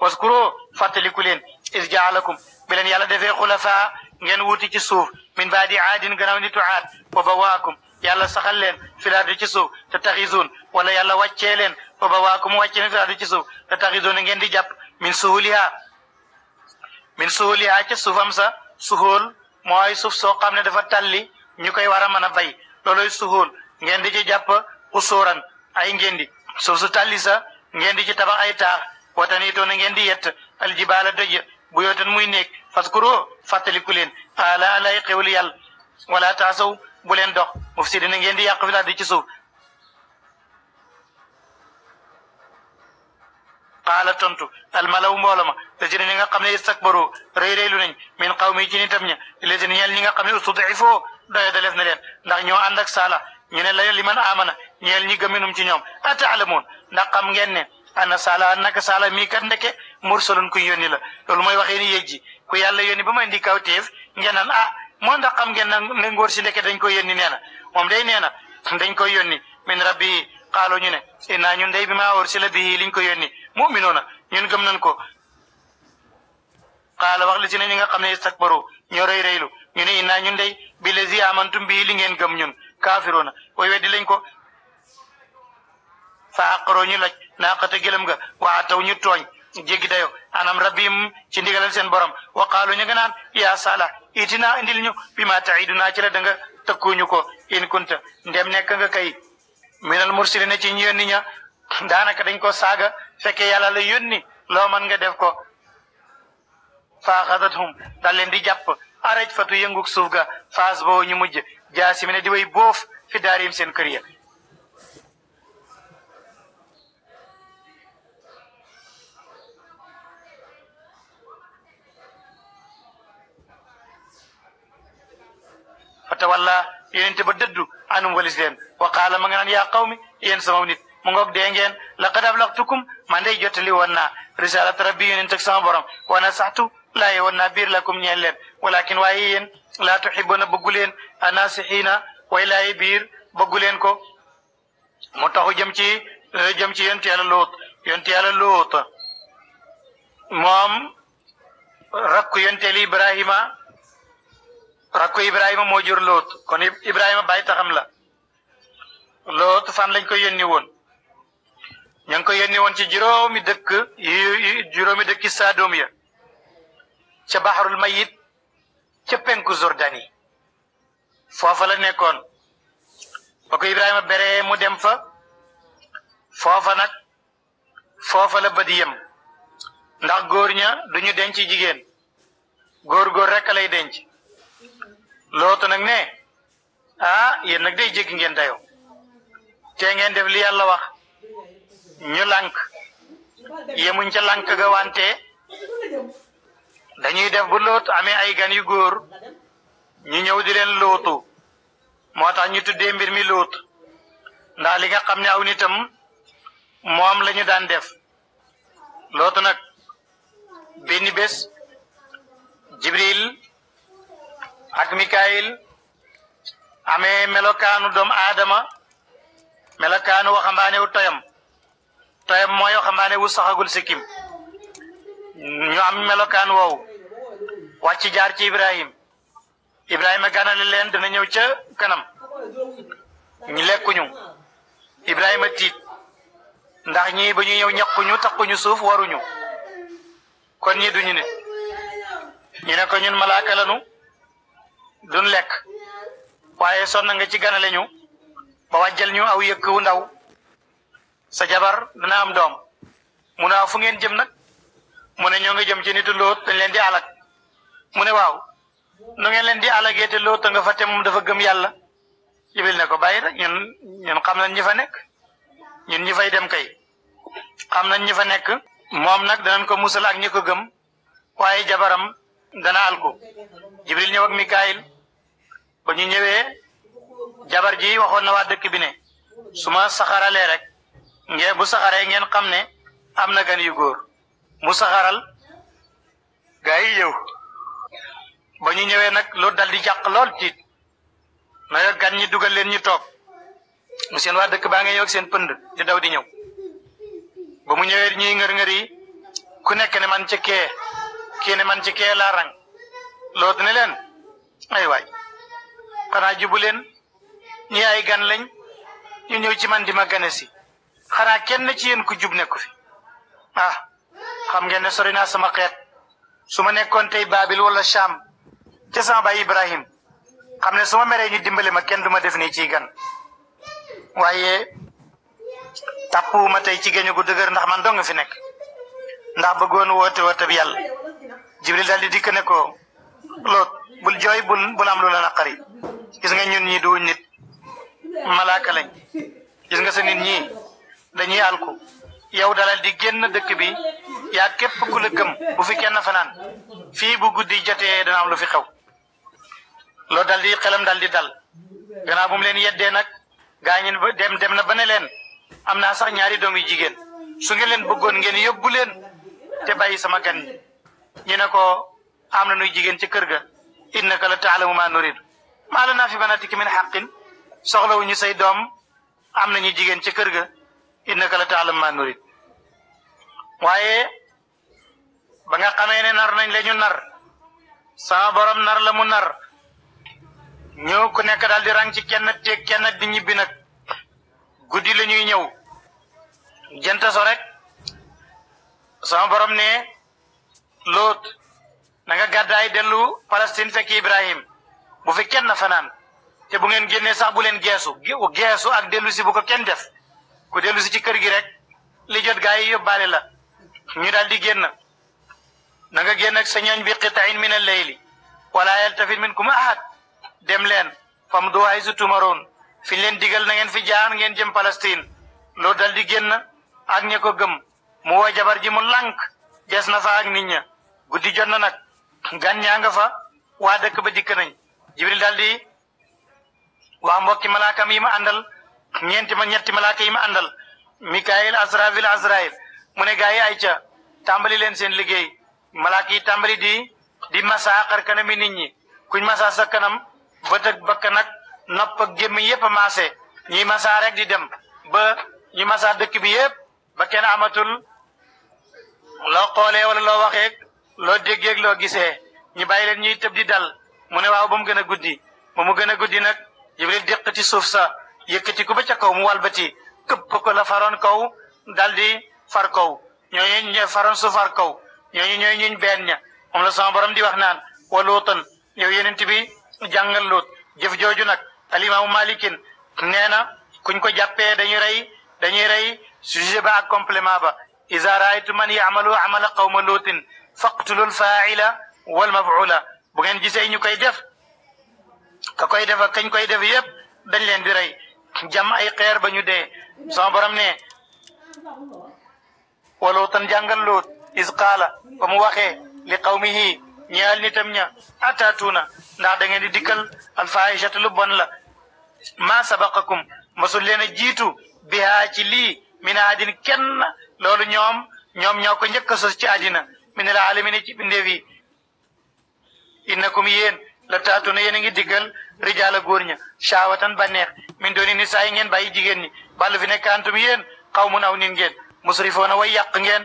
waskuro fàttaliku leen is jaalakum bi yàlla defee xulafa ngeen wuti ci suuf min baadi aadin gannaaw nitu aad wa bawaakum yàlla saxal leen filaardi ci suuf te taxisuun wala yàlla wàccee leen wa bawaakum wàccee leen filaardi ci suuf te ngeen di jàpp min suhuliha min suhuliha ca suufam sa suhul mooy suuf soo xam ne dafa talli ñu koy war a mën a bay looloy suhul ngeen di ci jàpp usuuran ay ngeen di suuf su talli sa ngeen di ci tabax taax watanitoo na ngeen di yett aljibaala doj bu yootan muy néeg faskuroo fàttaliku leen ala lay xewli yàlla wala taasaw bu leen dox mufsidin na ngeen di yàq fi laa di ci suuf qaala tontu almalaw mboolo ma lésina ñi nga xam ne istakbaru rëy rëylu nañ min qawmi ci nitam ña lésina ñeel ñi nga xam ne ustudifoo doye da lef na leen ndax ñoo ànd ak saala ñu ne la liman amana ñeel ñi gëminum ci ñoom ataalamuun ndax xam ngeen ne ana sala naka saala mii kat ndeke mursalun ku yónni la loolu mooy waxee ni yéeg ji ku yàlla yónni ba ma indi kaw téef ngeen naan ah moo ndax xam ngeen ne ngóor si ndeke dañ koy yónni nee na moom day nee na dañ koy yónni min rabbi xaalo ñu ne innaa ñun day bi maa wóor si la bi liñ ko yónni mu'minuuna ñun gëm nañ ko xaala wax li si ne ñi nga xam ne istakbaru ñoo rëy rëylu ñu ne innaa ñun bile bi lazi amantum bii li ngeen gëm ñun kaafiruuna fa àqaroo ñu na naaqata gëlëm nga waa taw ñu tooñ jéggi dayo anam rabbim ci ndigalal seen borom waqaalu ñu nga naan yaa sala itinaa indil ñu bi ma taidunaa ci la da nga tëkkuñu ko in kunta ndem nekk nga kay minal mursilina ci ñu yónni ña daanaka dañ ko saaga fekkee yàlla la yónni loo mën nga def ko fa xadathum dal leen di jàpp araj fatu yënguk suuf ga faas boo ñu mujj jaasi mi ne di way boof fi daarim seen kër ya fa tawalla yonente ba dëddu anum walis leen wa qaala ma nga naan yaa qawmi yéen sama ma mu ngoog dee ngeen laqad ablaqtukum man day jottali woon naa risalat rabbi yonente ak sama borom wa nasaxtu la woon naa biir lakum ñeen leen walakin waaye yéen laa tuxibuuna bëggu leen anasixiina way laaye biir bëggu leen ko mu taxu jëm ci eh, jëm ci yonti yàlla loot yonti yàlla loot moom rakku yonteeli Ibrahima rakku Ibrahima moo jur Loot kon Ibrahima bàyyi taxam la Loot fan lañ koy yónni woon ña ngi ko yónni woon ci juróomi dëkk yu juróomi dëkki Saadoom ya ca Baxarul Mayit ca penku Jordani foofa la nekkoon ba ko Ibrahima beree mu dem fa foofa nag foofa la bët yem ndax góor ña duñu denc jigéen góor góor rekk lay denc lootu nag ne ah yéen nag day jéggi ngeen dayoo te ngeen def li yàlla wax ñu lànk yemuñ ca lànk ga wante dañuy def bu loot amee ay gan yu góor ñu ñëw di leen lootu moo tax ñu tuddee mbir mi loot ndax li nga xam ne aw nitam moom la ñu daan def lootu nag benn bés Mikaayil amee melokaanu doomu aadama melokaanu waxambaane wu toyam toyam mooy waxambaane wu saxagul sikkim ñu am melokaan woowu wàcc jaar ci Ibrahim Ibrahima ganale leen dana ñëw ca kanam ñu lekkuñu Ibrahima tiit ndax ñii ba ñu ñëw ñaquñu taquñu suuf waruñu kon ñi duñu nit ñu ne ko ñun malaaka lanu duñ lekk waaye sonn nga ci ganale ñu ba wàjjal ñu aw yëkk wu ndaw sa jabar dana am doom mu ne waaw fu ngeen jëm nag mu ne ñoo ngi jëm ci nitu dañ leen di alak mu ne waaw nu ngeen leen di alagee te lóot nga fa te moom dafa gëm yàlla jibil ne ko bàyyi rek ñun ñun xam nañ ñi fa nekk ñun ñi fay dem kay xam nañ ñi fa nekk moom nag danañ ko musal ak ñi ko gëm waaye jabaram dana alku jibril ñëw ak mikaayil ba ñu ñëwee jabar ji waxoon na waa dëkk bi ne su ma saxaralee rek ngeen bu saxaree ngeen xam ne am na gan yu góor mu saxaral gaa yi yëw ba ñu ñëwee nag loolu dal di jàq lool tiit na gan ñi dugal leen ñu toog mu seen waa dëkk baa nga ñëw seen pënd di daw di ñëw ba mu ñëwee ñi ngër-ngër yi ku nekk ne man ci kee man ci kee laa loolu ne leen ay waay xanaa jubu leen ñi gan lañ ñu ñëw ci man di ma gane si xanaa kenn ci yéen ku jub nekku fi ah xam ngeen ne sori naa sama xeet su nekkoon tey Baabil wala Cham ca sama baay Ibrahim xam ne su ma meree ñu dimbale ma kenn du ma def nii ci gan waaye tàppuwuma tey ci géñu gu dëgër ndax man dong fi nekk ndax bëggoon woote woote bi yàlla Jibril daal di dikk ne ko loot bul jooy bul bul am lu la naqari gis nga ñun ñi du nit malaaka lañ gis nga sa nit ñi dañuy alku yow dalal di génn dëkk bi yaa képp ku la bu fi kenn fanaan fii bu guddi jotee dana am lu fi xew loolu dal di xelam dal di dal gannaaw bu leen yeddee nag gaa ñi ba dem dem na ba ne leen am naa sax ñaari doom yu jigéen su ngeen leen bëggoon ngeen yóbbu leen te bàyyi sama gan ñi ne ko am na nuy jigéen ci kër ga innaka la taalamu ma nuridu maa lanaa fi banaatika min xaqin soxlawuñu say doom am nañu jigéen ci kër ga innaka la taalam maa nurid waaye ba nga xamee ne nar nañ la ñu nar sama borom nar la mu nar ñoo ku nekk daal di rang ci kenn teeg kenn di ñibbi nag guddi la ñëw jant so rek sama boroom ne loot na nga gàddaay dellu Palestine fekk Ibrahim bu fi kenn fanaan te bu ngeen génnee sax bu leen geesu geesu ak dellu bu ko kenn def ku dellu si ci kër gi rek li jot gaa yi yóbbaale la ñu daal di génn na nga génn ak sa ñooñ bi qitain min al layli wala yaltafit minkum ahad dem leen fam du hay su tumaroon fi leen digal na ngeen fi jaar ngeen jëm Palestine loolu dal di génn ak ña ko gëm mu woo jabar ji mu lànk des na fa ak nit ña guddi jot na nag gan ñaa nga fa waa dëkk ba dikk nañ jibril daal di waa mbokki malaakam yi ma àndal ñeenti ma ñetti malaaka yi ma àndal mikaayil asrafil asrail mu ne gaa ay ca tàmbali leen seen liggéey malaaka yi tàmbali di di masa xar kanam yi nit ñi kuñ masa sa kanam bët ak bakkan nag nopp ak gémmiñ yépp a maase ñuy masa di dem ba ñu masa dëkk bi yépp ba kenn amatul loo xoolee wala loo waxee loo déggee loo gisee ñu bàyyi leen ñuy tëb di dal mu ne waaw ba mu gën a guddi ba mu gën a guddi nag Jibril déqati suuf sa yëkkati ko ba ca kaw mu walbati këpp ko la faroon kaw dal di far kaw ñooñu ñooy faroon su kaw ñooñu ñooy ñuñ benn ña moom la sama borom di wax naan wa luutan yow yonent bi jàngal luut jëf jooju nag alimaamu malikin nee na kuñ ko jàppee dañu rey dañuy rey sujet ba ak complément ba iza raaytu man yaamalu amala qawma luutin faqtulul faaila wal mafuula bu ngeen gisee ñu koy def ka koy def ak kañ koy def yëpp dañ leen di rey jam ay xeer ba ñu dee sama borom ne wala tan jàngal loot is qaala ba mu waxee li qawmihi ñaal nitam ña ataatuuna ndax da ngeen di dikkal alfaahishata lu bon la ma sabaqakum mosul leen a jiitu bihaa ci lii min aadin kenn loolu ñoom ñoom ñoo ko njëkk a sos ci àddina min al aalamiina ci bindeef yi innakum yéen la taatu na yéen a ngi diggal rijaala góor ña shahwatan bànneex min dooni nisaa yi ngeen bàyyi jigéen ñi ballu fi nekk antum yéen xaw mun aw nin ngeen musrifoona way yàq ngeen